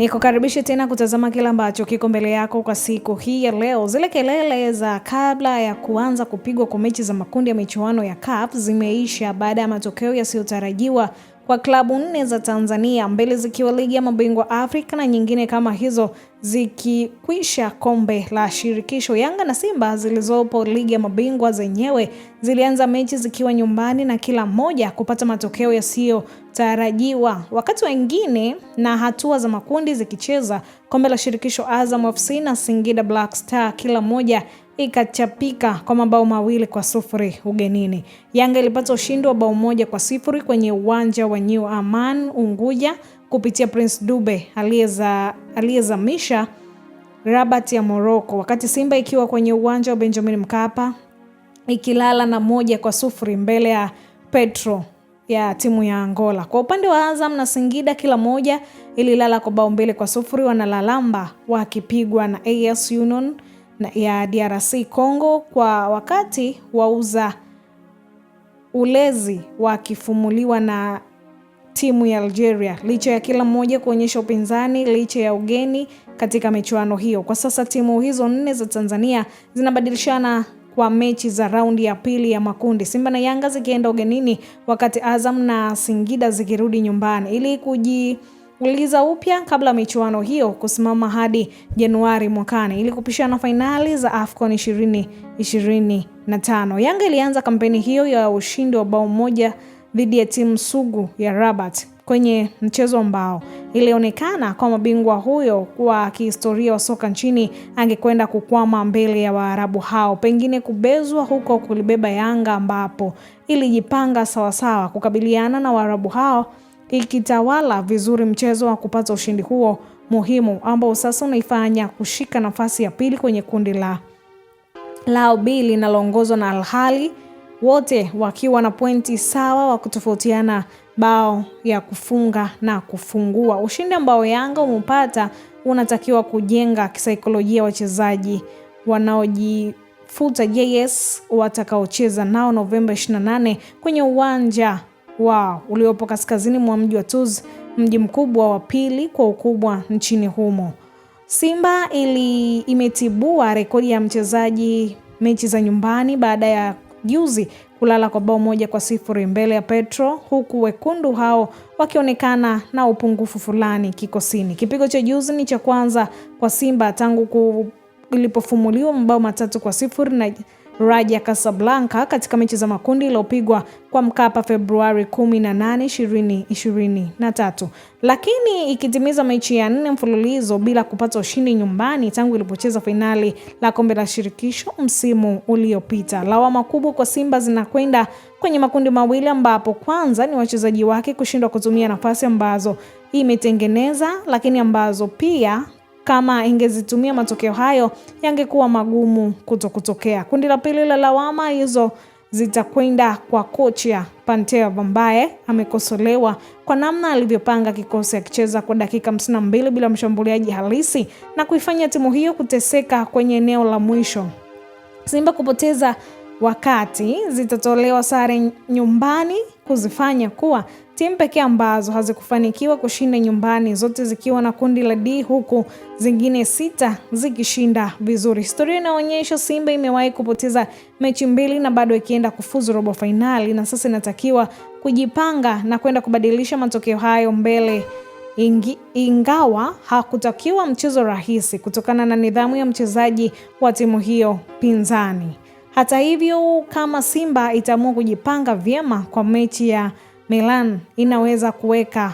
Nikukaribishe tena kutazama kile ambacho kiko mbele yako kwa siku hii ya leo. Zile kelele za kabla ya kuanza kupigwa kwa mechi za makundi ya michuano ya CAF zimeisha baada ya matokeo yasiyotarajiwa kwa klabu nne za Tanzania, mbili zikiwa ligi ya mabingwa Afrika na nyingine kama hizo zikikwisha kombe la shirikisho, Yanga na Simba zilizopo ligi ya mabingwa zenyewe zilianza mechi zikiwa nyumbani na kila mmoja kupata matokeo yasiyotarajiwa, wakati wengine na hatua za makundi zikicheza kombe la shirikisho, Azam FC na Singida Black Star kila mmoja ikachapika kwa mabao mawili kwa sufuri ugenini. Yanga ilipata ushindi wa bao moja kwa sifuri kwenye uwanja wa New Aman Unguja kupitia Prince Dube aliyezamisha Rabat ya Morocco, wakati Simba ikiwa kwenye uwanja wa Benjamin Mkapa ikilala na moja kwa sufuri mbele ya Petro ya timu ya Angola. Kwa upande wa Azam na Singida, kila moja ililala kwa bao mbili kwa sufuri, wanalalamba wakipigwa na AS Union ya DRC Congo, kwa wakati wauza ulezi wakifumuliwa na timu ya Algeria licha ya kila mmoja kuonyesha upinzani, licha ya ugeni katika michuano hiyo. Kwa sasa timu hizo nne za Tanzania zinabadilishana kwa mechi za raundi ya pili ya makundi, Simba na Yanga zikienda ugenini, wakati Azam na Singida zikirudi nyumbani ili kuji uliza upya kabla michuano hiyo kusimama hadi Januari mwakani ili kupishana fainali za AFCON 2025. Yanga ilianza kampeni hiyo ya ushindi wa bao moja dhidi ya timu sugu ya Rabat kwenye mchezo ambao ilionekana kwa mabingwa huyo kwa kihistoria wa soka nchini angekwenda kukwama mbele ya Waarabu hao, pengine kubezwa huko kulibeba Yanga ambapo ilijipanga sawasawa kukabiliana na Waarabu hao ikitawala vizuri mchezo wa kupata ushindi huo muhimu ambao sasa unaifanya kushika nafasi ya pili kwenye kundi la lao B linaloongozwa na Al Ahly wote wakiwa na pointi sawa wa kutofautiana bao ya kufunga na kufungua. Ushindi ambao Yanga umepata unatakiwa kujenga kisaikolojia wachezaji wanaojifuta JS watakaocheza nao Novemba 28 kwenye uwanja wao uliopo kaskazini mwa mji wa Tuz, mji mkubwa wa pili kwa ukubwa nchini humo. Simba ili imetibua rekodi ya mchezaji mechi za nyumbani baada ya juzi kulala kwa bao moja kwa sifuri mbele ya Petro, huku wekundu hao wakionekana na upungufu fulani kikosini. Kipigo cha juzi ni cha kwanza kwa Simba tangu ilipofumuliwa mabao matatu kwa sifuri na Raja Casablanca katika mechi za makundi iliyopigwa kwa Mkapa Februari 18, 2023, lakini ikitimiza mechi ya nne mfululizo bila kupata ushindi nyumbani tangu ilipocheza fainali la kombe la shirikisho msimu uliopita. Lawama kubwa kwa Simba zinakwenda kwenye makundi mawili ambapo kwanza ni wachezaji wake kushindwa kutumia nafasi ambazo imetengeneza, lakini ambazo pia kama ingezitumia matokeo hayo yangekuwa magumu kuto kutokea. Kundi la pili la lawama hizo zitakwenda kwa kocha Pantea ambaye amekosolewa kwa namna alivyopanga kikosi akicheza kwa dakika 52 bila mshambuliaji halisi na kuifanya timu hiyo kuteseka kwenye eneo la mwisho. Simba kupoteza wakati, zitatolewa sare nyumbani kuzifanya kuwa timu pekee ambazo hazikufanikiwa kushinda nyumbani, zote zikiwa na kundi la D huku zingine sita zikishinda vizuri. Historia inaonyesha Simba imewahi kupoteza mechi mbili na bado ikienda kufuzu robo fainali, na sasa inatakiwa kujipanga na kwenda kubadilisha matokeo hayo mbele Ingi, ingawa hakutakiwa mchezo rahisi kutokana na nidhamu ya mchezaji wa timu hiyo pinzani. Hata hivyo, kama Simba itaamua kujipanga vyema kwa mechi ya Milan, inaweza kuweka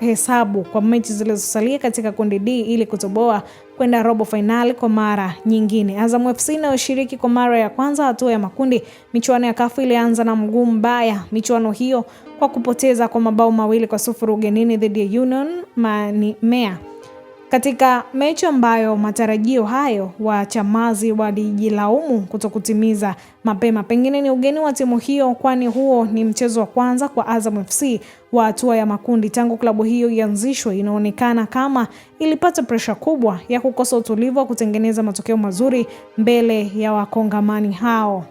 hesabu kwa mechi zilizosalia katika kundi D ili kutoboa kwenda robo fainali kwa mara nyingine. Azam FC inayoshiriki kwa mara ya kwanza hatua ya makundi michuano ya kafu ilianza na mguu mbaya michuano hiyo kwa kupoteza kwa mabao mawili kwa sufuri ugenini dhidi ya Union Mania katika mechi ambayo matarajio hayo wachamazi walijilaumu kutokutimiza mapema, pengine ni ugeni wa timu hiyo, kwani huo ni mchezo wa kwanza kwa Azam FC wa hatua ya makundi tangu klabu hiyo ianzishwe. Inaonekana kama ilipata presha kubwa ya kukosa utulivu wa kutengeneza matokeo mazuri mbele ya wakongamani hao.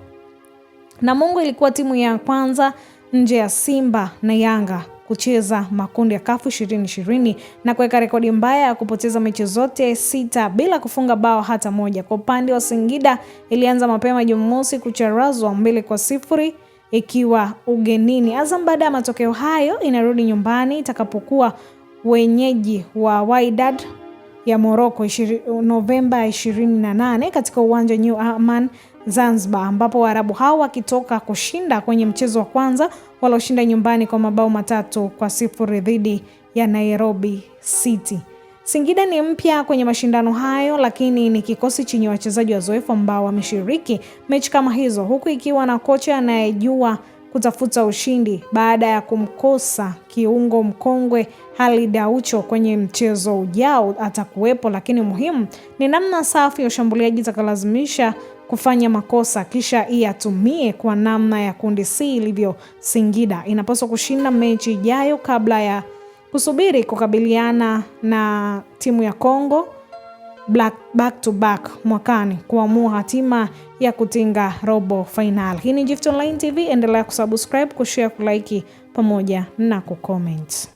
Namungo ilikuwa timu ya kwanza nje ya Simba na Yanga kucheza makundi ya kafu ishirini ishirini na kuweka rekodi mbaya ya kupoteza mechi zote sita bila kufunga bao hata moja. Kwa upande wa Singida ilianza mapema Jumamosi kucharazwa mbili kwa sifuri ikiwa ugenini. Azam baada ya matokeo hayo inarudi nyumbani itakapokuwa wenyeji wa Wydad ya Moroko Novemba 28 katika uwanja New Aman Zanzibar, ambapo Waarabu hao wakitoka kushinda kwenye mchezo wa kwanza walioshinda nyumbani kwa mabao matatu kwa sifuri dhidi ya Nairobi City. Singida ni mpya kwenye mashindano hayo, lakini ni kikosi chenye wachezaji wazoefu ambao wameshiriki mechi kama hizo, huku ikiwa na kocha anayejua kutafuta ushindi baada ya kumkosa kiungo mkongwe Halid Aucho kwenye mchezo ujao. Atakuwepo, lakini muhimu ni namna safu ya ushambuliaji itakalazimisha kufanya makosa kisha iyatumie kwa namna ya kundi C ilivyo. Singida inapaswa kushinda mechi ijayo kabla ya kusubiri kukabiliana na timu ya Kongo black back to back mwakani kuamua hatima ya kutinga robo fainali. Hii ni Gift Online TV, endelea kusubscribe, kushare, kulike pamoja na kucomment.